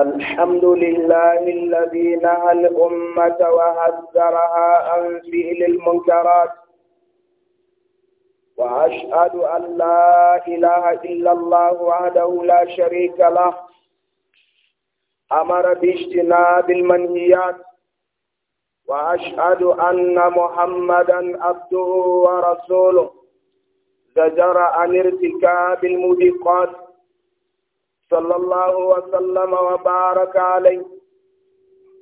الحمد لله الذي نهى الأمة وهذرها عن فعل المنكرات وأشهد أن لا إله إلا الله وحده لا شريك له أمر باجتناب المنهيات وأشهد أن محمدا عبده ورسوله زجر عن ارتكاب الموبقات صلى الله وسلم وبارك عليه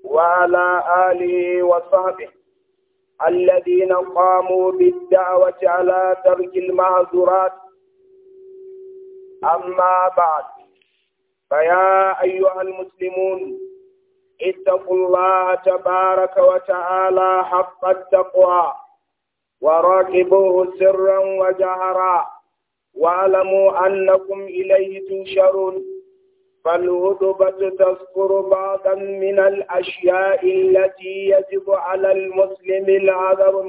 وعلى آله وصحبه الذين قاموا بالدعوة على ترك المعذورات أما بعد فيا أيها المسلمون اتقوا الله تبارك وتعالى حق التقوى وراقبوه سرا وجهرا واعلموا أنكم إليه تنشرون فالهدبة تذكر بعضا من الأشياء التي يجب على المسلم العذر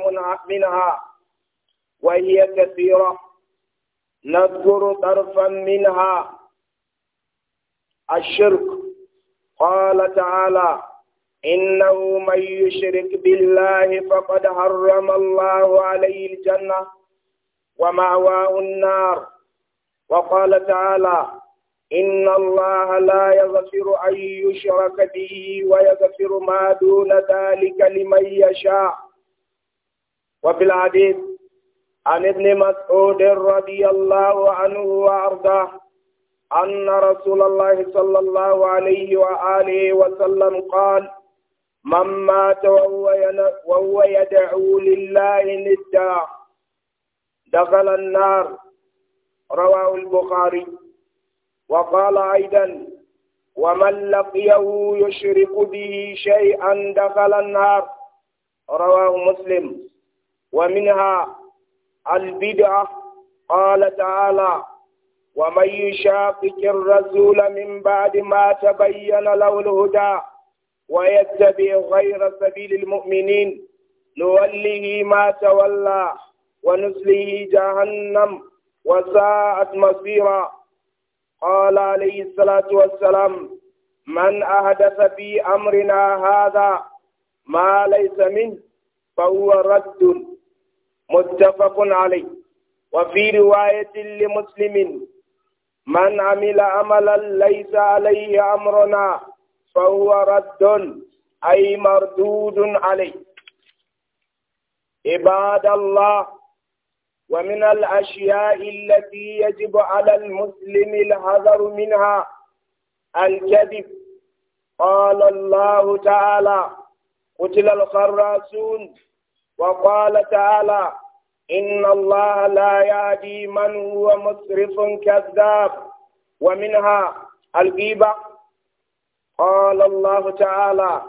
منها وهي كثيرة نذكر طرفا منها الشرك قال تعالى إنه من يشرك بالله فقد حرم الله عليه الجنة ومأواه النار وقال تعالى إن الله لا يغفر أن يشرك به ويغفر ما دون ذلك لمن يشاء وفي الحديث عن ابن مسعود رضي الله عنه وأرضاه أن رسول الله صلى الله عليه وآله وسلم قال من مات وهو يدعو لله ندا دخل النار رواه البخاري وقال أيضا ومن لقيه يشرك به شيئا دخل النار رواه مسلم ومنها البدعة قال تعالى ومن يشاقق الرسول من بعد ما تبين له الهدى ويتبع غير سبيل المؤمنين نوله ما تولى ونسله جهنم وساءت مصيرا قال عليه الصلاة والسلام من أحدث في أمرنا هذا ما ليس منه فهو رد متفق عليه وفي رواية لمسلم من عمل عملا ليس عليه أمرنا فهو رد أي مردود عليه عباد الله ومن الأشياء التي يجب على المسلم الحذر منها الكذب قال الله تعالى قتل الخراسون وقال تعالى إن الله لا يهدي من هو مسرف كذاب ومنها الغيبة قال الله تعالى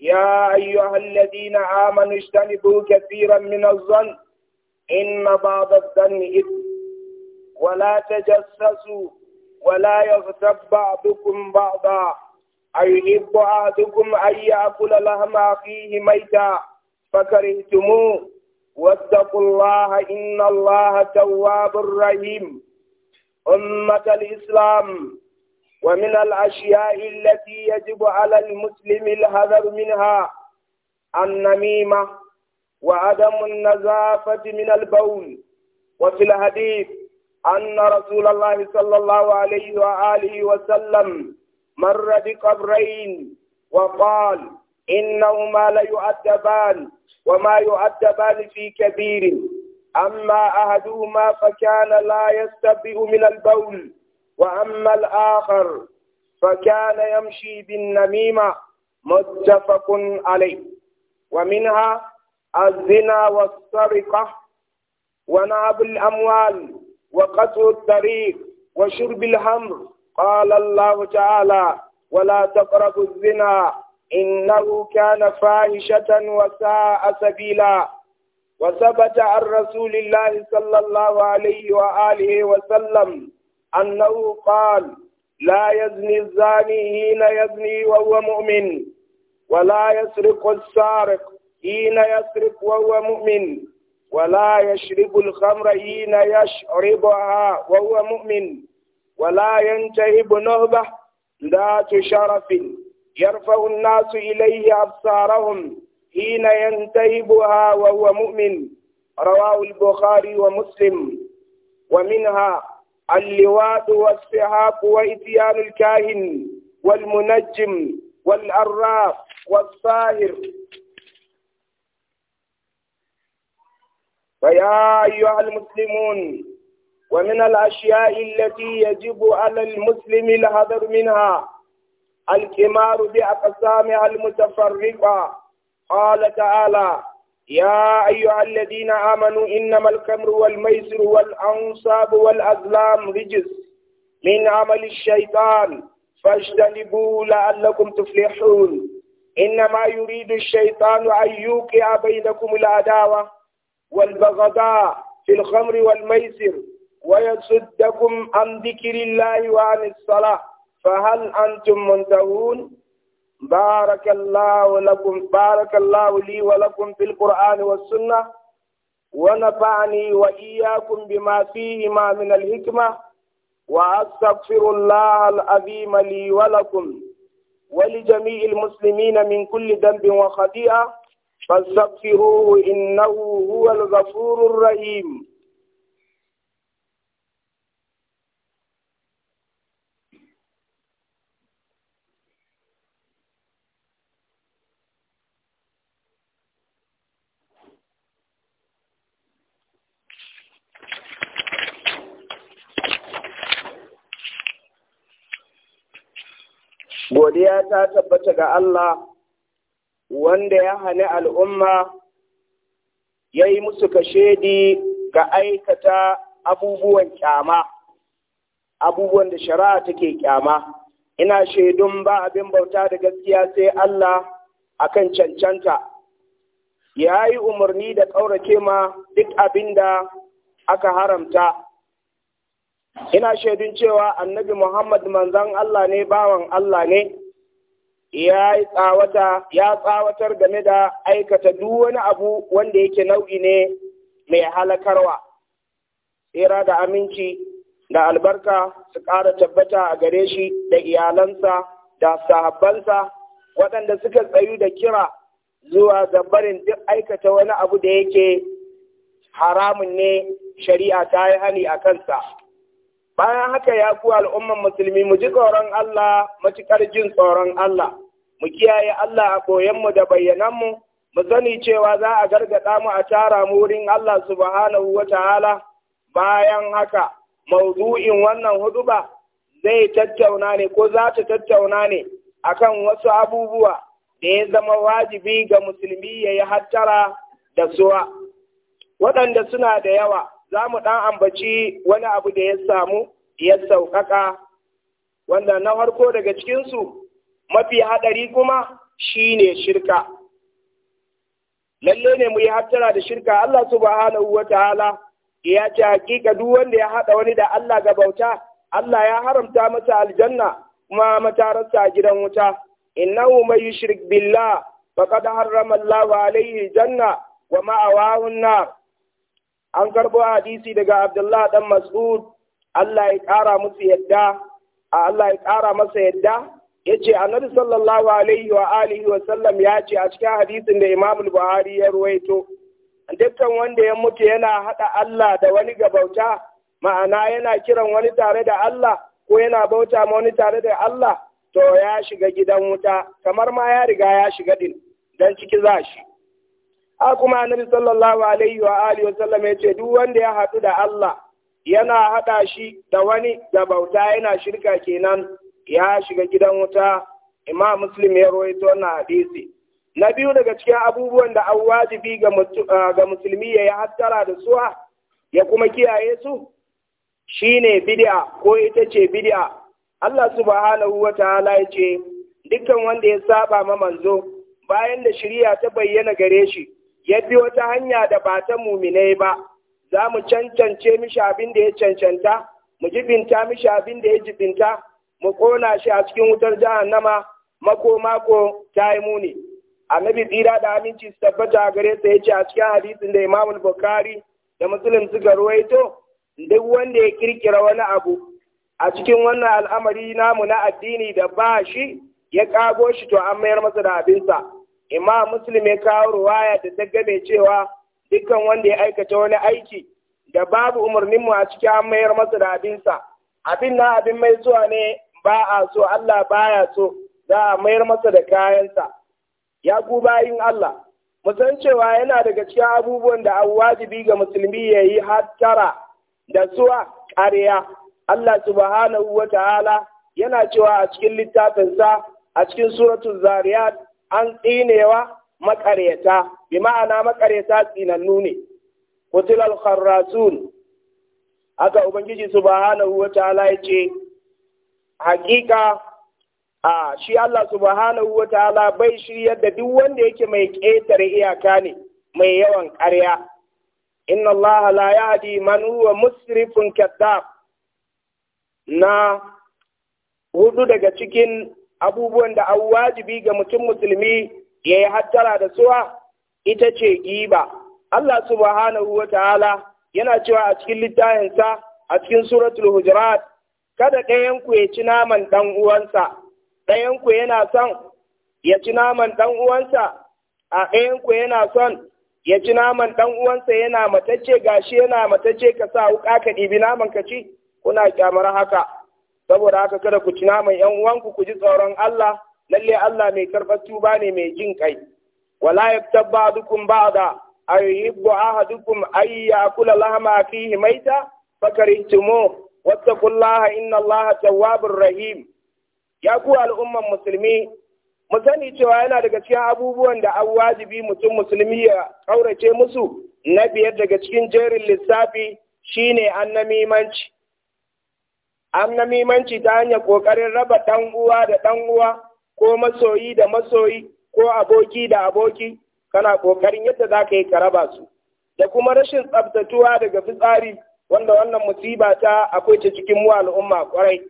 يا أيها الذين آمنوا اجتنبوا كثيرا من الظن إن بعض الظن إثم ولا تجسسوا ولا يغتب بعضكم بعضا أيحب أحدكم أن يأكل لحم أخيه ميتا فكرهتموه واتقوا الله إن الله تواب رحيم أمة الإسلام ومن الأشياء التي يجب على المسلم الحذر منها النميمة وعدم النزافة من البول وفي الحديث أن رسول الله صلى الله عليه وآله وسلم مر بقبرين وقال إنهما ليؤدبان وما يؤدبان في كبير أما أحدهما فكان لا يستبئ من البول وأما الآخر فكان يمشي بالنميمة متفق عليه ومنها الزنا والسرقة ونعب الأموال وقطع الطريق وشرب الهمر قال الله تعالى ولا تقربوا الزنا إنه كان فاحشة وساء سبيلا وثبت عن رسول الله صلى الله عليه وآله وسلم أنه قال لا يزني الزاني حين يزني وهو مؤمن ولا يسرق السارق حين يسرق وهو مؤمن ولا يشرب الخمر حين يشربها وهو مؤمن ولا ينتهب نهبة ذات شرف يرفع الناس إليه أبصارهم حين ينتهبها وهو مؤمن رواه البخاري ومسلم ومنها اللواد والسحاق وإتيان الكاهن والمنجم والأراف والصاهر فيا أيها المسلمون ومن الأشياء التي يجب على المسلم الحذر منها الكمار بأقسامها المتفرقة قال تعالى يا أيها الذين آمنوا إنما الكمر والميسر والأنصاب والأزلام رجس من عمل الشيطان فاجتنبوه لعلكم تفلحون إنما يريد الشيطان أن يوقع بينكم العداوة والبغضاء في الخمر والميسر ويصدكم عن ذكر الله وعن الصلاة فهل أنتم منتهون بارك الله لكم بارك الله لي ولكم في القرآن والسنة ونفعني وإياكم بما فيهما من الحكمة وأستغفر الله العظيم لي ولكم ولجميع المسلمين من كل ذنب وخطيئة فاستغفروه إنه هو الغفور الرحيم godiya ta tabbata ga Allah wanda ya hane al'umma ya yi musu kashedi ga aikata abubuwan kyama, abubuwan da shari'a take kyama. Ina shaidun ba abin bauta da gaskiya sai Allah a kan cancanta. Ya yi umarni da ƙaurace ma duk abin da aka haramta. Ina shaidun cewa annabi Muhammad manzan Allah ne bawan Allah ne. ya yi tsawata ya tsawatar game da aikata duk wani abu wanda yake nau'i ne mai halakarwa tsira da aminci da albarka su ƙara tabbata a gare shi da iyalansa da sahabbansa waɗanda suka tsayu da kira zuwa zabarin duk aikata wani abu da yake haramun ne shari'a ta yi hani a kansa bayan haka ya ku al'umman musulmi mu ji tsoron Allah matuƙar jin tsoron Allah mu kiyaye Allah a mu da bayyananmu mu sani cewa za a gargaɗa mu a tara mu wurin Allah subhanahu wa ta'ala bayan haka maudu'in wannan huduba zai tattauna ne ko za ta tattauna ne akan wasu abubuwa da ya zama wajibi ga musulmi ya yi hattara da suwa waɗanda suna da yawa za mu ɗan ambaci wani abu da ya samu ya sauƙaƙa wanda na farko daga cikinsu mafi haɗari kuma shine shirka lalle ne mu yi hattara da shirka Allah subhanahu wa ta'ala ya ce hakika duk wanda ya haɗa wani da Allah ga bauta Allah ya haramta masa aljanna kuma matarasa gidan wuta innahu may yushrik billah faqad harrama Allah alayhi janna wa ma'awahu nar an karbo hadisi daga Abdullah dan Mas'ud Allah ya kara musu yadda Allah ya ƙara masa yadda yace annabi sallallahu alaihi wa alihi wa sallam ya ce a cikin hadisin da Imam Buhari ya ruwaito dukkan wanda ya mutu yana hada Allah da wani gabauta ma'ana yana kiran wani tare da Allah ko yana bauta ma wani tare da Allah to ya shiga gidan wuta kamar ma ya riga ya shiga din dan ciki za shi a kuma annabi sallallahu alaihi wa alihi wa sallam ya ce duk wanda ya hadu da Allah yana hada shi da wani gabauta yana shirka kenan ya shiga gidan wuta imam muslim ya rawaito na hadisi na biyu daga cikin abubuwan da an wajibi ga musulmi ya yi hattara da suwa ya kuma kiyaye su shine bid'a ko ita ce bid'a Allah subhanahu wa ta'ala ya ce dukkan wanda ya saba ma manzo bayan da shari'a ta bayyana gare shi ya bi wata hanya da ba ta muminai ba za mu cancance mishi abin da ya cancanta mu jibinta mishi abin da ya jibinta mu kona shi a cikin wutar jahannama mako mako ta yi muni annabi tsira da aminci su tabbata gare sa ce a cikin hadisin da Imam Bukhari da Muslim suka ruwaito duk wanda ya kirkira wani abu a cikin wannan al'amari namu na addini da ba shi ya kago shi to an mayar masa da abinsa imam muslim ya kawo ruwaya da ta game cewa dukkan wanda ya aikata wani aiki da babu umarnin mu a cikin an mayar masa da abinsa abin na abin mai zuwa ne ba a so Allah baya so za a mayar masa da kayansa ya ku bayin Allah musan cewa yana daga cikin abubuwan da an wajibi ga musulmi ya yi hattara da suwa ƙarya Allah subhanahu wa ta'ala yana cewa a cikin littafinsa a cikin suratun zariyat an tsinewa maƙaryata bi ma'ana makaryata tsinannu ne kutilal kharrasun haka ubangiji subhanahu wa ta'ala ya ce hakika a shi Allah subhanahu wa ta'ala bai shiryar da duk wanda yake mai ƙetare iyaka ne mai yawan ƙarya inna Allah la yahdi man huwa musrifun kadhab na hudu daga cikin abubuwan da awajibi ga mutum musulmi ya yi hattara da suwa ita ce giba Allah subhanahu wa ta'ala yana cewa a cikin littafinsa a cikin suratul hujurat kada ɗayanku ya ci naman ɗan uwansa, ɗayanku yana son ya ci naman ɗan uwansa, a ɗayanku yana son ya ci naman ɗan uwansa yana matacce gashi yana matacce ka sa wuƙa ka ɗibi naman ka ci, kuna kyamar haka. Saboda haka kada ku ci naman ‘yan uwanku ku ji tsoron Allah, lalle Allah mai karɓar tuba ne mai jin ƙai. Wala ba ba'dukum ba'da ayuhibbu ahadukum ayyakula lahma fihi maita fakarihtumu واتقوا الله إن الله تواب rahim. ya ku al'umman musulmi mu sani cewa yana daga cikin abubuwan da an wajibi mutum musulmi ya ƙaurace musu na biyar daga cikin jerin lissafi shine annamimanci annamimanci ta hanyar ƙoƙarin raba ɗan uwa da ɗan'uwa uwa ko masoyi da masoyi ko aboki da aboki kana ƙoƙarin yadda za ka yi ka raba su da kuma rashin tsabtatuwa daga fitsari wanda wannan musiba ta akwai ta cikin mu al'umma kwarai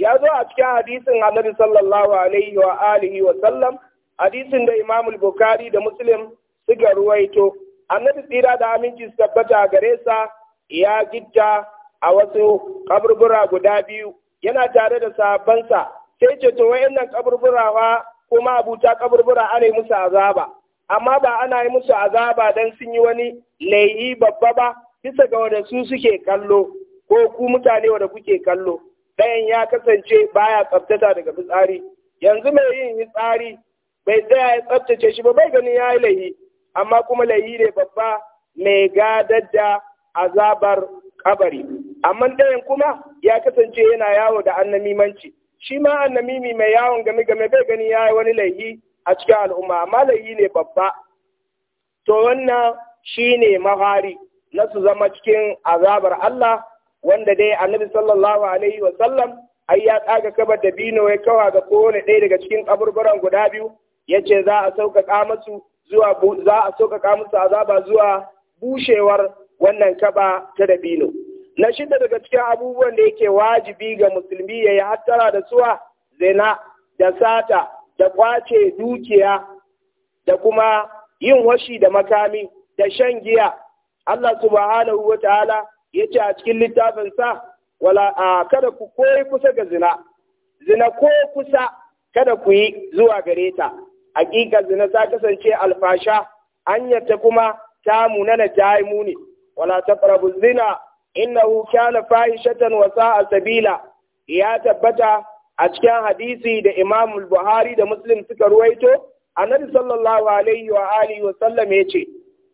ya zo a cikin hadisin annabi sallallahu alaihi wa alihi wa sallam hadisin da imam bukhari da muslim suka ruwaito annabi tsira da aminci su tabbata gare sa ya gitta a wasu kaburbura guda biyu yana tare da sabonsa, sai ce to wayannan kaburbura kuma kuma abuta kaburbura ana yi musu azaba amma ba ana yi musu azaba dan sun yi wani laihi babba ba bisa ga wanda su suke kallo ko ku mutane wanda kuke kallo ɗayan ya kasance baya tsaftata daga fitsari yanzu mai yin fitsari bai tsaya ya tsaftace shi ba bai ganin ya yi laihi amma kuma laihi ne babba mai gadar da azabar kabari amma ɗayan kuma ya kasance yana yawo da annamimanci shi ma annamimi mai yawon game game bai ganin ya yi wani laihi a cikin al'umma amma laihi ne babba to wannan shi ne mahari na su zama cikin azabar Allah wanda dai annabi sallallahu alaihi wa sallam ai ya tsaga kabar da bino ya kawa ga kowane ɗaya daga cikin kaburburan guda biyu ya ce za a sauƙaƙa musu zuwa za a sauƙaƙa musu azaba zuwa bushewar wannan kaba ta dabino na shida daga cikin abubuwan da yake wajibi ga musulmi ya yi hattara da suwa zina da sata da kwace dukiya da kuma yin washi da makami da shan giya Allah subhanahu wa ta'ala ya ce a cikin littafinsa wala a kada ku koyi kusa ga zina zina ko kusa kada ku yi zuwa gare ta hakika zina ta kasance alfasha ta kuma ta munana ta yi muni wala farabu zina innahu kana fahishatan wasa a sabila ya tabbata a cikin hadisi da Imam Buhari da Muslim suka ruwaito annabi sallallahu alaihi wa alihi wa sallam yace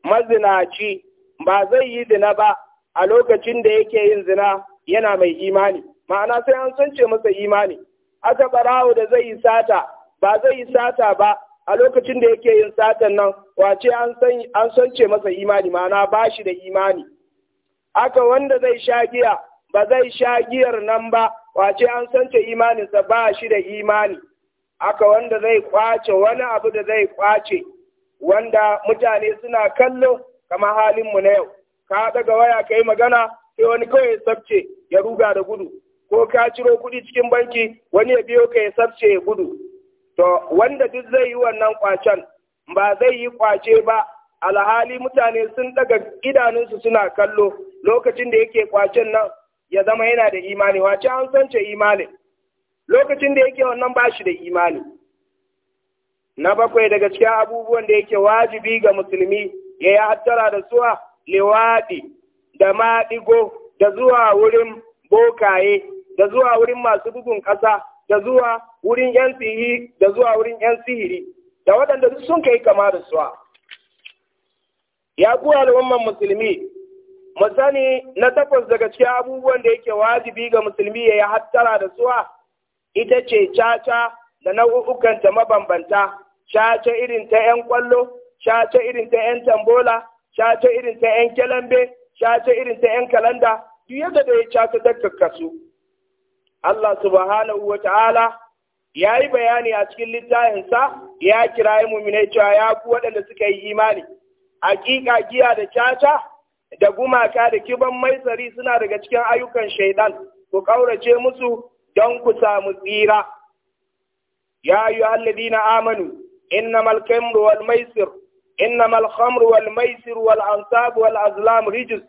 mazinaci ba zai yi zina ba a lokacin da yake yin zina yana mai imani ma'ana sai an ce masa imani aka barawo da zai yi sata ba zai yi sata ba a lokacin da yake yin satan nan wace an ce masa imani ma'ana ba shi da imani aka wanda zai sha giya ba zai sha giyar nan ba wace an sunce imaninsa ba shi da imani aka wanda zai kwace wani abu da zai kwace wanda mutane suna kallo kamar halin mu na yau ka daga waya kai magana sai wani kawai ya sabce ya ruga da gudu ko ka ciro kuɗi cikin banki wani ya biyo ka ya sabce ya gudu to wanda duk zai yi wannan kwacen ba zai yi kwace ba alhali mutane sun daga idanunsu suna kallo lokacin da yake kwacen nan ya zama yana da imani wace an ce imani lokacin da yake wannan bashi da imani na bakwai daga cikin abubuwan da yake wajibi ga musulmi ya yi hattara da zuwa lewaɗi da maɗigo da zuwa wurin bokaye da zuwa wurin masu bugun ƙasa da zuwa wurin yan sihiri da zuwa wurin yan sihiri da waɗanda duk sun kai kama da suwa ya ku al'umman musulmi mu sani na takwas daga cikin abubuwan da yake wajibi ga musulmi ya yi hattara da suwa ita ce caca da nau'ukanta mabambanta caca irin ta 'yan kwallo shace irin ta ‘yan tambola, shace irin ta ‘yan kyalambe, shace irin ta ‘yan kalanda, duk yadda da ya sha ta kakkasu. Allah subhanahu wa ta'ala ya yi bayani a cikin littafinsa ya kira yi muminai cewa ya ku waɗanda suka yi imani. Hakika giya da caca da gumaka da kiban maisari suna daga cikin ayyukan shaidan ku ƙaurace musu don ku samu tsira. Ya yi amanu, innamal kamru wal maisir إنما الخمر والميسر والأنصاب والأزلام رجس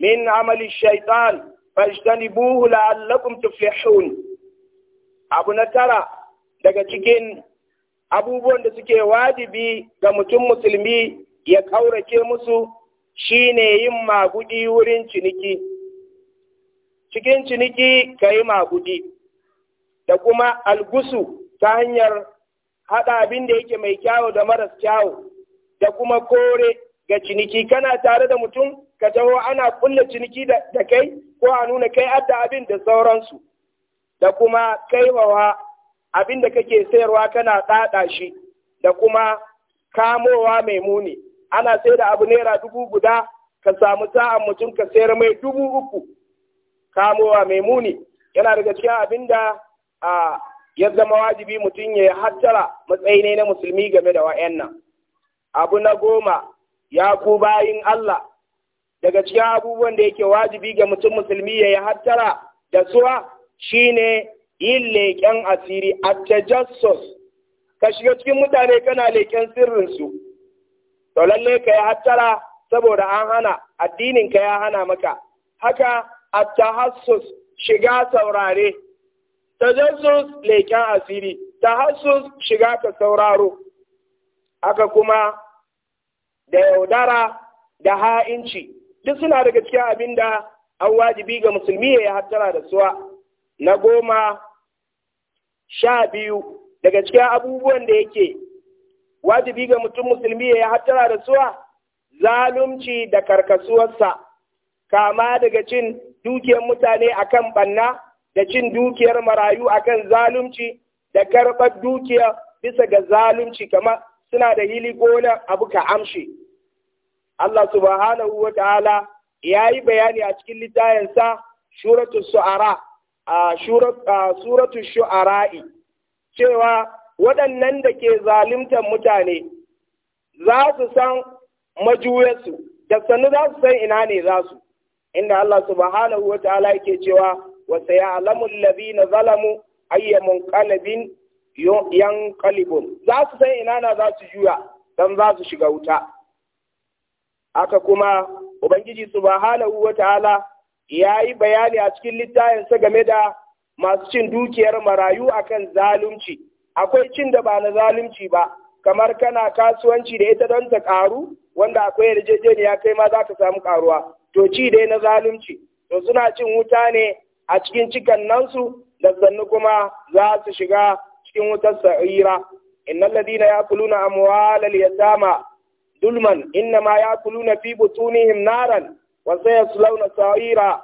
من عمل الشيطان فاجتنبوه لعلكم تفلحون abu na tara daga cikin abubuwan da suke wajibi ga mutum musulmi ya ƙaurace musu shine yin magudi wurin ciniki cikin ciniki ka yi magudi da kuma algusu ta hanyar haɗa abin da yake mai kyawu da maras kyawu da kuma kore ga ciniki kana tare da mutum ka taho ana kunna ciniki da kai ko a nuna kai adda abin da sauransu da kuma kaiwawa abin da kake sayarwa kana tsada shi da kuma kamowa mai muni ana sai da abu naira dubu guda ka samu sa'an mutum ka sayar mai dubu uku kamowa mai muni yana daga cikin abin da ya zama wajibi mutum ya hattara matsayi ne na musulmi game da wa'yan nan. abu na goma ya ku bayin Allah daga cikin abubuwan da yake wajibi ga mutum musulmi ya yi hattara da suwa shine yin leƙen asiri a tajassus ka shiga cikin mutane kana leƙen sirrinsu to lalle ka yi hattara saboda an hana addinin ka ya hana maka haka a tahassus shiga saurare tajassus leƙen asiri tahassus shiga ka sauraro haka kuma da yaudara da ha'inci duk suna daga cikin abin da an wajibi ga musulmi ya hattara da suwa na goma sha biyu daga cikin abubuwan da yake wajibi ga mutum musulmi ya hattara da suwa zalunci da karkasuwarsa kama daga cin dukiyar mutane akan banna da cin dukiyar marayu akan zalunci da karɓar dukiya bisa ga zalunci kamar suna da hili ko wani abu ka amshi Allah subhanahu wa ta'ala ya yi bayani a cikin littayensa suratu su'ara suratu shu'ara'i cewa waɗannan da ke zaluntar mutane za su san majuyarsu da sannu za su san ina ne za su inda Allah subhanahu wa ta'ala yake cewa alamun labi na zalamu ayyamun kalabin yan kalibun za su san ina na za su juya don za su shiga wuta aka kuma ubangiji subhanahu wataala ya yi bayani a cikin littafinsa game da masu cin dukiyar marayu akan zalunci akwai cin da ba na zalunci ba kamar kana kasuwanci da ita don ta karu wanda akwai yarjejeniya kai ma za ka samu karuwa to ci dai na zalunci to suna cin wuta ne a cikin cikan nan da kuma za su shiga Kin wutar sa'ira innal ladina yakuluna amwalal yatama dulman innama yakuluna fi butunihim naran wa sayaslawna sa'ira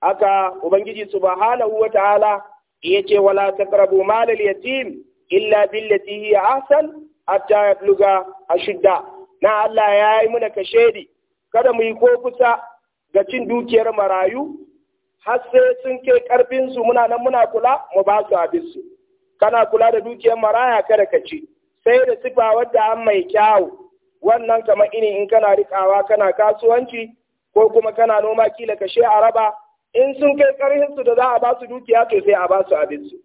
aka ubangiji subhanahu wa ta'ala yace wala taqrabu malal yatim illa billati hiya ahsan hatta yabluga ashidda na Allah ya yi muna kashedi kada mu yi ko kusa ga cin dukiyar marayu har sai sun kai karfin muna nan muna kula mu basu su abin kana kula da dukiyar maraya kada ka ci sai da sifa wadda an mai kyawu wannan kamar ini in kana rikawa kana kasuwanci ko kuma kana noma kila kashe a raba in sun kai karhin su da za a ba su dukiya to sai a ba su abin su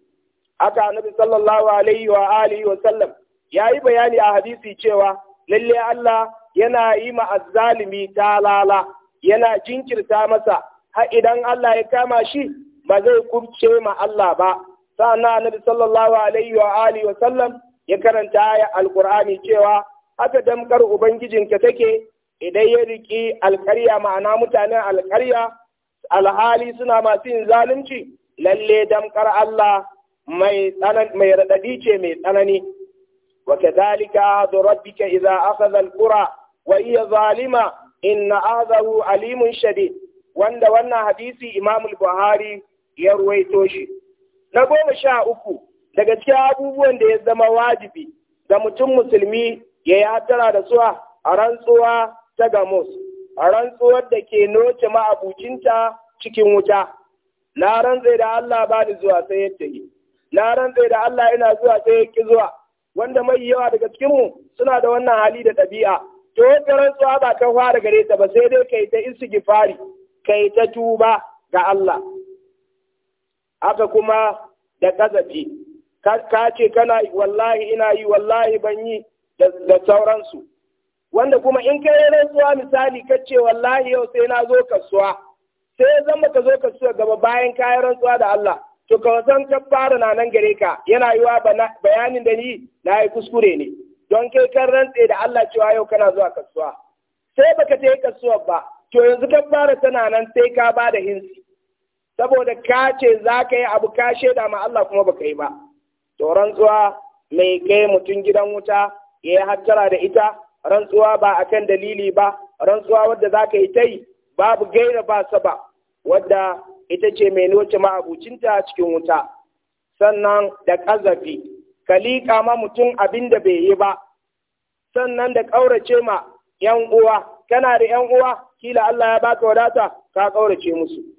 haka annabi sallallahu alaihi wa alihi wa sallam yayi bayani a hadisi cewa lalle Allah yana yi ma azzalimi talala yana jinkirta masa har idan Allah ya kama shi ba zai kubce ma Allah ba sa'annan annabi sallallahu alaihi wa alihi wa sallam ya karanta aya alqur'ani cewa haka damkar ubangijinka take idan ya riki alkarya ma'ana mutanen alkarya alhali suna masu yin zalunci lalle damkar Allah mai mai radadi ce mai tsanani wa kadhalika adu rabbika idza akhadha alqura wa hiya zalima inna azahu alimun shadid wanda wannan hadisi Imam al-Buhari ya ruwaito shi na goma sha uku daga cikin abubuwan da ya zama wajibi da mutum musulmi ya yi hatara da suwa a rantsuwa ta gamus a rantsuwar da ke noce ma'abucinta cikin wuta na rantsai da Allah ba ni zuwa sai yadda yi na rantsai da Allah ina zuwa sai ki zuwa wanda mai yawa daga cikinmu suna da wannan hali da ɗabi'a to wata rantsuwa ba ta fara gare ta ba sai dai kai ta gifari kai ta tuba ga Allah haka kuma da kazafi ka ce kana wallahi ina yi wallahi ban yi da sauransu wanda kuma in kai rantsuwa misali ka ce wallahi yau sai na zo kasuwa sai zan ka zo kasuwa gaba bayan kayan rantsuwa da Allah to ka san ka fara na nan gare ka yana yiwa bayanin da ni na yi kuskure ne don kai kan rantse da Allah cewa yau kana zuwa kasuwa sai baka ta yi kasuwa ba to yanzu ka fara tana nan sai ka ba da hinsi saboda ka ce za ka yi abu ka shaida ma Allah kuma baka yi ba to rantsuwa mai kai mutum gidan wuta ya yi hattara da ita rantsuwa ba a kan dalili ba rantsuwa wadda za ka yi ta yi babu gaira ba sa ba, wadda ita ce mai noce ma'abucinta cikin wuta sannan da ƙazafi ka liƙa ma mutum abin da bai yi ba sannan da ƙaurace ma ‘yan uwa kana da ‘yan uwa kila Allah ya baka wadata ka ƙaurace musu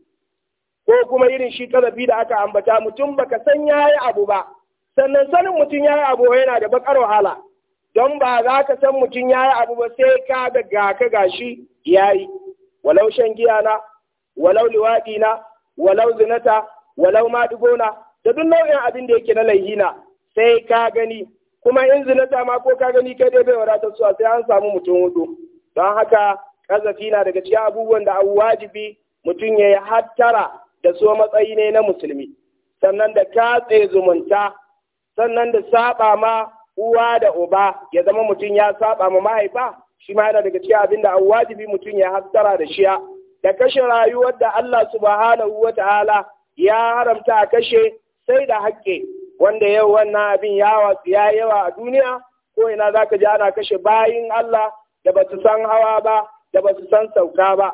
ko kuma irin shi kalafi da aka ambata mutum baka san ya yi abu ba sannan sanin mutum ya yi abu yana da bakar wahala don ba za ka san mutum ya yi abu ba sai ka ga ga ka gashi yayi walau shan giya na walau liwaɗi na walau zinata walau na da duk nau'in abin da yake na na sai ka gani kuma in zinata ma ko ka gani kai dai bai wadatar su sai an samu mutum hudu don haka ƙazafi na daga cikin abubuwan da abu wajibi mutum ya yi hattara da so matsayi ne na musulmi sannan da katse zumunta sannan da saba ma uwa da uba ya zama mutum ya saba ma mahaifa shi ma yana daga cikin abin da wajibi mutum ya hattara da shiya da kashe rayuwar da Allah subhanahu wa ta'ala ya haramta a kashe sai da haƙƙe wanda yau wannan abin ya yawa a duniya ko ina za ka ji ana kashe bayin Allah da ba su san hawa ba da ba su san sauka ba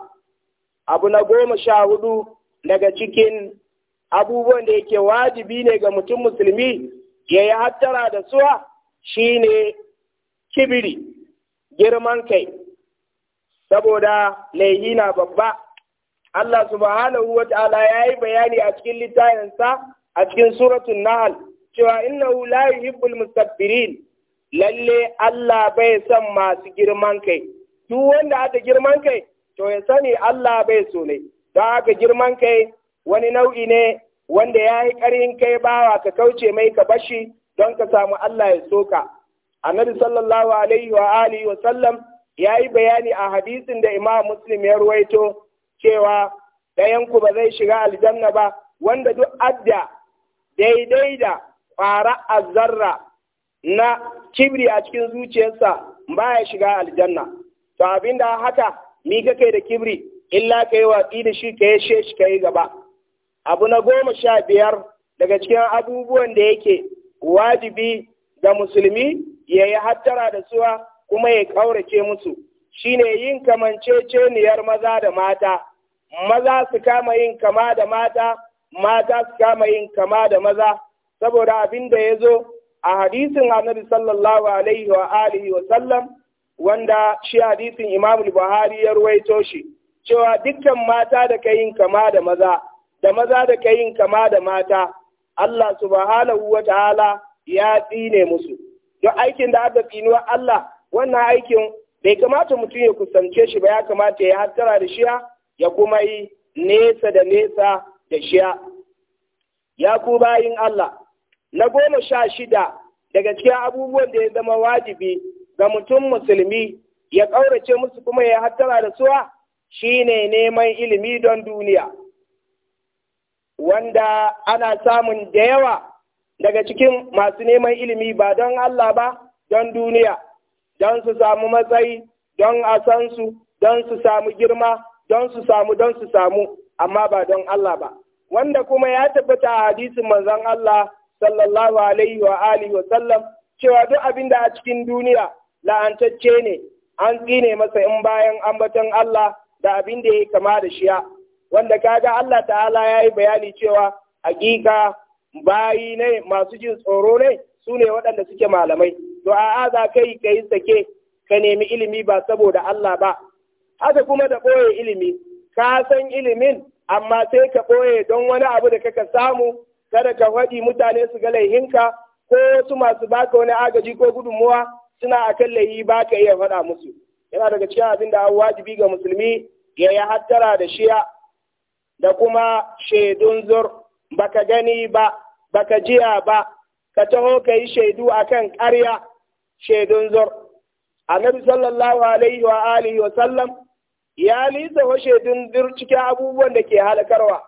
abu na goma sha hudu daga cikin abubuwan da yake wajibi ne ga mutum musulmi ya yi hattara da suwa shine kibiri girman kai saboda laihi na babba Allah subhanahu wa ta'ala ya yi bayani a cikin littafinsa a cikin suratun nahal cewa innahu la yuhibbul mustakbirin lalle Allah bai son masu girman kai duk wanda aka girman kai to ya sani Allah bai so ne don haka girman kai wani nau'i ne wanda ya yi ƙarin kai bawa ka kauce mai ka bashi don ka samu Allah ya soka. Annabi sallallahu alaihi wa alihi wa sallam ya yi bayani a hadisin da Imam Muslim ya ruwaito cewa ɗayanku ba zai shiga aljanna ba wanda duk adda daidai da ƙwara azzarra na kibri a cikin zuciyarsa ba ya shiga aljanna. To abinda haka ni kake da kibri illa ka yi watsi da shi ka yashe shi ka yi gaba abu na goma sha biyar daga cikin abubuwan da yake wajibi ga musulmi ya yi hattara da suwa kuma ya ƙaurace musu shi ne yin kamanceceniyar maza da mata maza su kama yin kama da mata mata su kama yin kama da maza saboda abin da ya zo a hadisin annabi sallallahu alaihi wa alihi wa sallam wanda shi hadisin imam buhari ya ruwaito shi cewa dukkan mata da ka yin kama da maza, da maza da ka yin kama da mata, Allah subhanahu wa ta'ala ya tsine musu. Don aikin da aka tsinuwa Allah, wannan aikin bai kamata mutum ya kusance shi ba ya kamata ya hattara da shiya, ya kuma yi nesa da nesa da shiya. Ya ku bayin Allah, na goma sha shida daga cikin abubuwan da ya zama wajibi ga mutum musulmi ya ƙaurace musu kuma ya hattara da suwa shine neman ilimi don duniya wanda ana samun da yawa daga cikin masu neman ilimi ba don Allah ba don duniya don su samu matsayi don a san su don su samu girma don su samu don su samu amma ba don Allah ba wanda kuma ya tabbata a hadisin manzon Allah sallallahu alaihi wa alihi wa sallam cewa duk abin da a cikin duniya la'antacce ne an tsine masa in bayan ambaton Allah da abin da ya yi kama da shiya wanda kaga Allah ta'ala ya yi bayani cewa hakika bayi ne masu jin tsoro ne su ne waɗanda suke malamai to a'a za ka yi ka yi sake ka nemi ilimi ba saboda Allah ba haka kuma da ɓoye ilimi ka san ilimin amma sai ka ɓoye don wani abu da kaka samu kada ka faɗi mutane su ga laihinka ko su masu baka wani agaji ko gudunmuwa suna akan laihi ba ka iya faɗa musu yana daga cikin abin da wajibi ga musulmi ya yi hattara da shiya da kuma shaidun zur baka gani ba baka jiya ba ka taho ka yi shaidu akan ƙarya shaidun zur annabi sallallahu alaihi wa alihi wa sallam ya nisa wa shaidun zur cikin abubuwan da ke halakarwa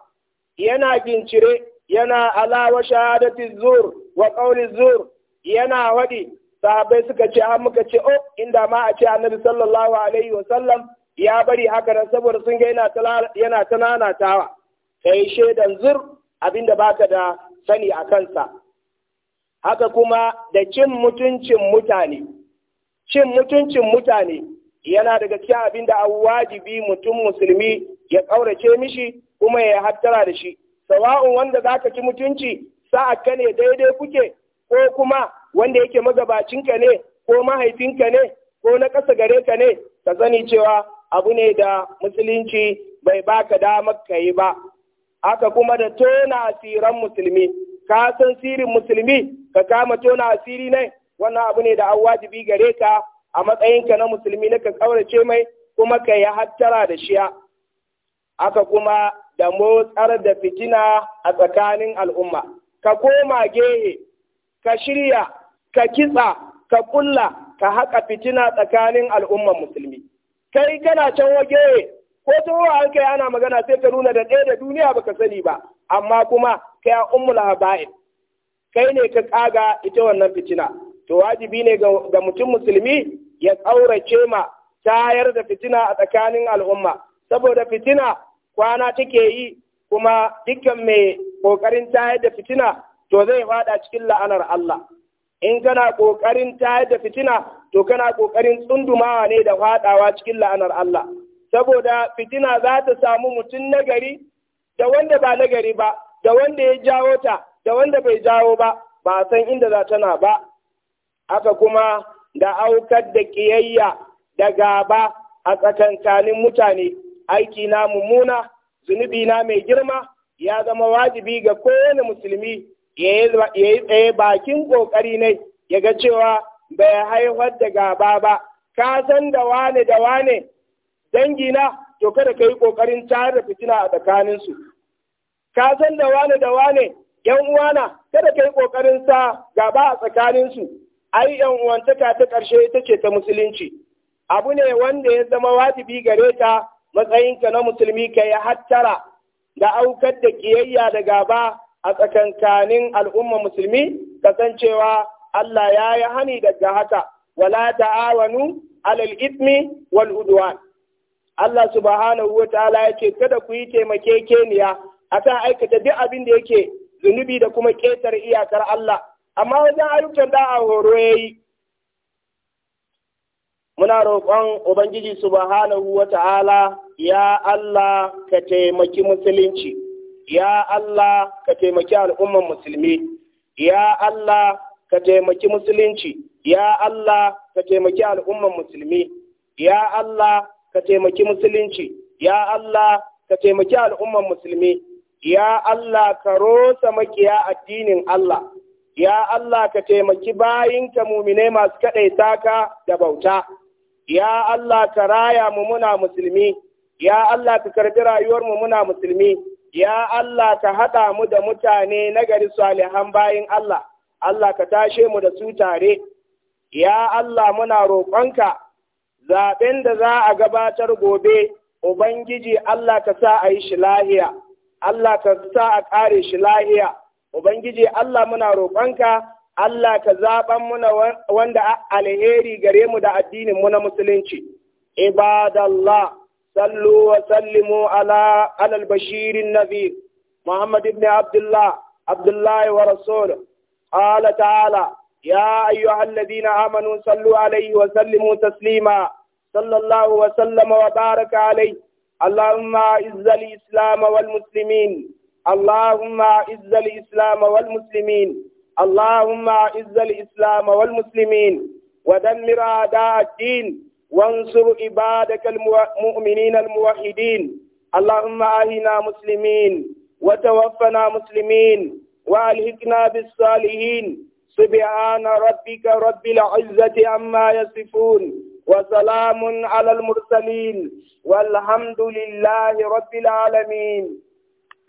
yana gincire yana alawa shahadati zur wa qauli zur yana wadi sahabai suka ce an ah, muka ce o, oh, inda ma a ce annabi sallallahu alaihi wa sallam ya bari haka nan saboda sun ga yana ta tananatawa kai shaidan zur abinda baka da sani a kansa haka kuma da cin mutuncin mutane cin mutuncin mutane yana daga cikin abinda a wajibi mutum musulmi ya ƙaurace mishi kuma ya hattara da shi sawa'un wanda zaka ci mutunci sa'a ka daidai kuke ko kuma wanda yake magabacinka ne ko mahaifinka ne ko na ƙasa gare ka ne ka sani cewa abu ne da musulunci bai baka damar ka yi ba haka kuma da tona asiran musulmi ka san sirin musulmi ka kama tona asiri ne wannan abu ne da an wajibi gare ka a matsayinka na musulmi na ka ƙaurace mai kuma ka yi hattara da shiya haka kuma da motsar da fitina a tsakanin al'umma ka koma gehe ka shirya ka kitsa ka kulla ka haƙa fitina tsakanin al'umman musulmi kai kana can waje ko towa an kai ana magana sai ka nuna da ɗaya da duniya baka sani ba amma kuma kai a ummul kai ne ka kaga ita wannan fitina to wajibi ne ga mutum musulmi ya tsaurace ma tayar da fitina a tsakanin al'umma saboda fitina kwana take yi kuma dukkan mai ƙoƙarin tayar da fitina to zai fada cikin la'anar Allah in kana ƙoƙarin tayar da fitina to kana kokarin tsundumawa ne da fadawa cikin la'anar Allah saboda fitina za ta samu mutum nagari da wanda ba nagari ba da wanda ya jawo ta da wanda bai jawo ba ba san inda za tana ba aka kuma da aukar da kiyayya da gaba a tsakankanin mutane aiki na mummuna zunubi na mai girma ya zama wajibi ga kowane musulmi ya yi tsaye eh, bakin ƙoƙari ne ya ga cewa bai haifar da gaba ba ka san da wane da wane na to kada ka yi ƙoƙarin tayar da fitina a tsakaninsu ka san da wane da wane yan uwana kada ka yi ƙoƙarin sa gaba a tsakaninsu ai yan uwantaka ta ƙarshe ita ce ta musulunci abu ne wanda ya zama wajibi gare ta, matsayinka na musulmi ka yi hattara da aukar da ƙiyayya da gaba a tsakankanin al'umma musulmi kasancewa Allah ya yi hani daga haka wala ta'awanu alal wal’uduwan. wal Allah subhanahu wa ta'ala ya ce kada ku yi taimakekeniya akan aikata duk abin da yake zunubi da kuma ƙetar iyakar Allah amma wajen ayyukan da a horo ya yi. muna roƙon ubangiji subhanahu wa ta'ala ya Allah ka taimaki musulunci ya Allah ka taimaki al'umman musulmi ya Allah ka taimaki musulunci ya Allah ka taimaki al'umman musulmi ya Allah ka taimaki musulunci ya Allah ka taimaki al'umman musulmi ya Allah ka rosa makiya addinin Allah ya Allah ka taimaki bayinka mumine masu kaɗaita ka da bauta ya Allah ka raya mu muna musulmi ya Allah ka karbi rayuwar mu muna musulmi ya Allah ka haɗa mu da mutane nagari salihan bayin Allah, Allah ka tashe mu da su tare, ya Allah muna roƙonka zaɓen da za a gabatar gobe, Ubangiji Allah ka sa a yi shi lahiya, Allah ka sa a ƙare shi lahiya, Ubangiji Allah muna roƙonka Allah ka zaɓen muna wanda alheri gare mu da addinin mu na musulunci. Ibadallah. صلوا وسلموا على على البشير النذير محمد بن عبد الله عبد الله ورسوله قال تعالى يا أيها الذين آمنوا صلوا عليه وسلموا تسليما صلى الله وسلم وبارك عليه اللهم أعز الإسلام والمسلمين اللهم أعز الإسلام والمسلمين اللهم أعز الإسلام والمسلمين ودمر أعداء الدين وانصر عبادك المؤمنين الموحدين اللهم أهنا مسلمين وتوفنا مسلمين وألهكنا بالصالحين سبحان ربك رب العزة عما يصفون وسلام على المرسلين والحمد لله رب العالمين